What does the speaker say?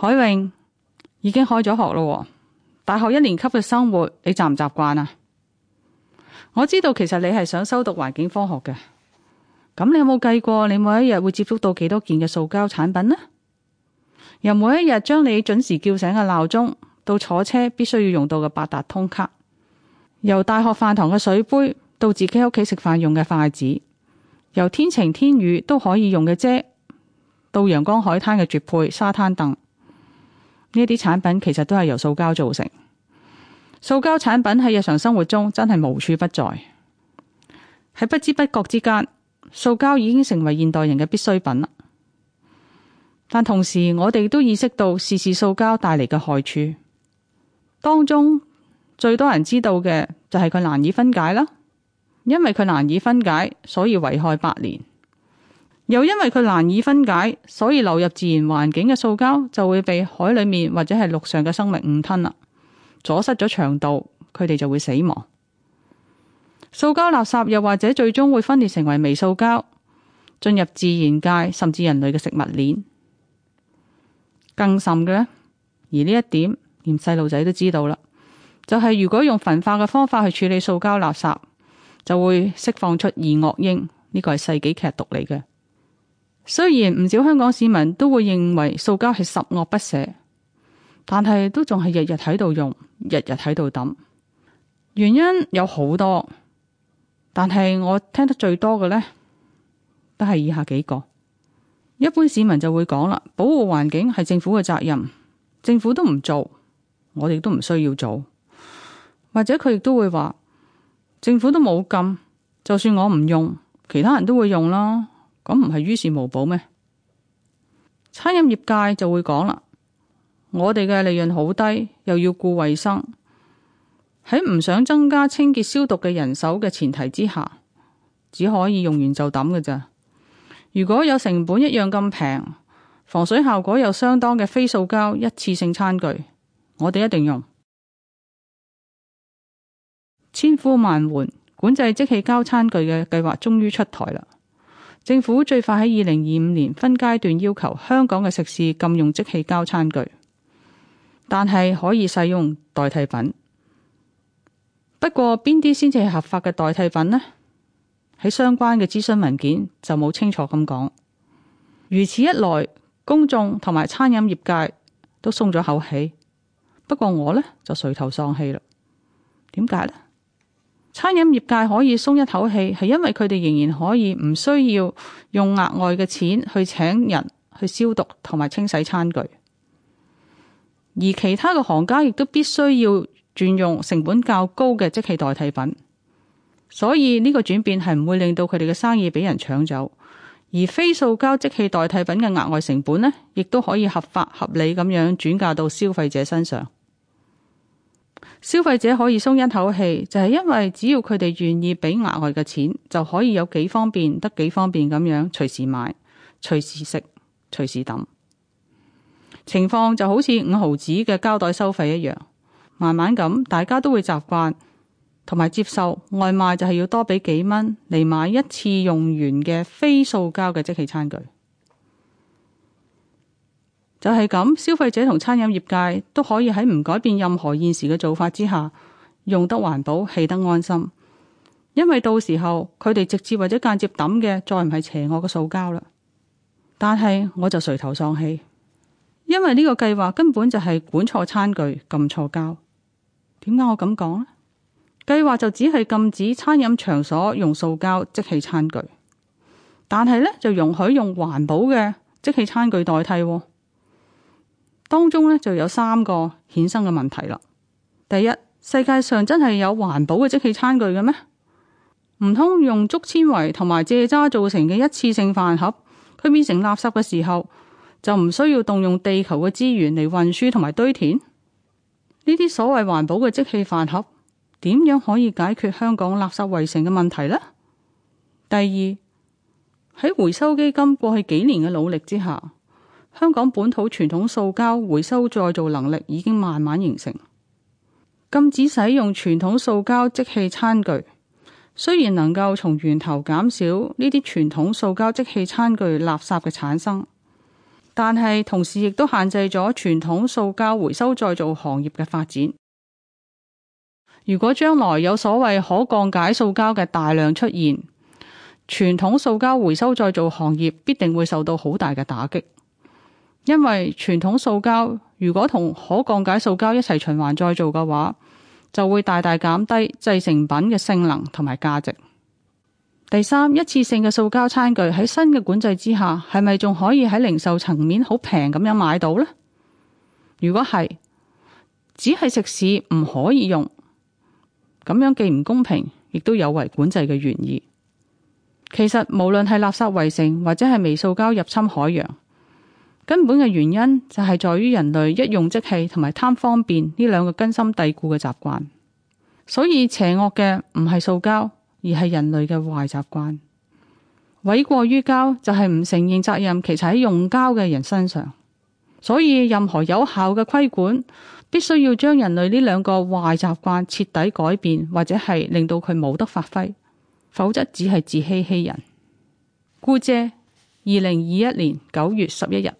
海泳已經開咗學咯，大學一年級嘅生活你習唔習慣啊？我知道其實你係想修讀環境科學嘅，咁你有冇計過你每一日會接觸到幾多件嘅塑膠產品呢？由每一日將你準時叫醒嘅鬧鐘，到坐車必須要用到嘅八達通卡，由大學飯堂嘅水杯到自己屋企食飯用嘅筷子，由天晴天雨都可以用嘅遮，到陽光海灘嘅絕配沙灘凳。呢啲產品其實都係由塑膠造成，塑膠產品喺日常生活中真係無處不在，喺不知不覺之間，塑膠已經成為現代人嘅必需品啦。但同時，我哋都意識到時時塑膠帶嚟嘅害處，當中最多人知道嘅就係佢難以分解啦，因為佢難以分解，所以危害百年。又因為佢難以分解，所以流入自然環境嘅塑膠就會被海裏面或者係陸上嘅生命誤吞啦，阻塞咗腸道，佢哋就會死亡。塑膠垃圾又或者最終會分裂成為微塑膠，進入自然界甚至人類嘅食物鏈。更甚嘅呢，而呢一點連細路仔都知道啦，就係如果用焚化嘅方法去處理塑膠垃圾，就會釋放出二惡英，呢個係世紀劇毒嚟嘅。雖然唔少香港市民都會認為塑膠係十惡不赦，但係都仲係日日喺度用，日日喺度抌。原因有好多，但係我聽得最多嘅，呢，都係以下幾個。一般市民就會講啦，保護環境係政府嘅責任，政府都唔做，我哋都唔需要做。或者佢亦都會話，政府都冇禁，就算我唔用，其他人都會用啦。咁唔係於事無補咩？餐飲業界就會講啦，我哋嘅利潤好低，又要顧衛生，喺唔想增加清潔消毒嘅人手嘅前提之下，只可以用完就抌嘅咋。如果有成本一樣咁平，防水效果又相當嘅非塑膠一次性餐具，我哋一定用。千呼萬喚，管制即棄膠餐具嘅計劃終於出台啦。政府最快喺二零二五年分階段要求香港嘅食肆禁用即棄膠餐具，但係可以使用代替品。不過邊啲先至係合法嘅代替品呢？喺相關嘅諮詢文件就冇清楚咁講。如此一來，公眾同埋餐飲業界都鬆咗口氣。不過我呢，就垂頭喪氣啦。點解呢？餐飲業界可以鬆一口氣，係因為佢哋仍然可以唔需要用額外嘅錢去請人去消毒同埋清洗餐具，而其他嘅行家亦都必須要轉用成本較高嘅即棄代替品，所以呢個轉變係唔會令到佢哋嘅生意俾人搶走，而非塑膠即棄代替品嘅額外成本呢，亦都可以合法合理咁樣轉嫁到消費者身上。消費者可以鬆一口氣，就係因為只要佢哋願意俾額外嘅錢，就可以有幾方便得幾方便咁樣，隨時買、隨時食、隨時抌。情況就好似五毫子嘅膠袋收費一樣，慢慢咁大家都會習慣同埋接受外賣就係要多俾幾蚊嚟買一次用完嘅非塑膠嘅即棄餐具。就係咁，消費者同餐飲業界都可以喺唔改變任何現時嘅做法之下，用得環保，棄得安心。因為到時候佢哋直接或者間接抌嘅再唔係邪惡嘅塑膠啦。但係我就垂頭喪氣，因為呢個計劃根本就係管錯餐具，撳錯膠。點解我咁講咧？計劃就只係禁止餐飲場所用塑膠即棄餐具，但係呢，就容許用環保嘅即棄餐具代替。當中咧就有三個衍生嘅問題啦。第一，世界上真係有環保嘅即棄餐具嘅咩？唔通用竹纖維同埋蔗渣做成嘅一次性飯盒，佢變成垃圾嘅時候，就唔需要動用地球嘅資源嚟運輸同埋堆填。呢啲所謂環保嘅即棄飯盒，點樣可以解決香港垃圾圍城嘅問題呢？第二，喺回收基金過去幾年嘅努力之下。香港本土傳統塑膠回收再造能力已經慢慢形成，禁止使用傳統塑膠即棄餐具，雖然能夠從源頭減少呢啲傳統塑膠即棄餐具垃圾嘅產生，但係同時亦都限制咗傳統塑膠回收再造行業嘅發展。如果將來有所謂可降解塑膠嘅大量出現，傳統塑膠回收再造行業必定會受到好大嘅打擊。因為傳統塑膠如果同可降解塑膠一齊循環再造嘅話，就會大大減低製成品嘅性能同埋價值。第三，一次性嘅塑膠餐具喺新嘅管制之下，係咪仲可以喺零售層面好平咁樣買到呢？如果係，只係食肆唔可以用，咁樣既唔公平，亦都有違管制嘅原意。其實無論係垃圾圍城，或者係微塑膠入侵海洋。根本嘅原因就係在於人類一用即棄同埋貪方便呢兩個根深蒂固嘅習慣，所以邪惡嘅唔係塑膠，而係人類嘅壞習慣。諉過於膠就係唔承認責任，其實喺用膠嘅人身上。所以任何有效嘅規管，必須要將人類呢兩個壞習慣徹底改變，或者係令到佢冇得發揮，否則只係自欺欺人。姑姐，二零二一年九月十一日。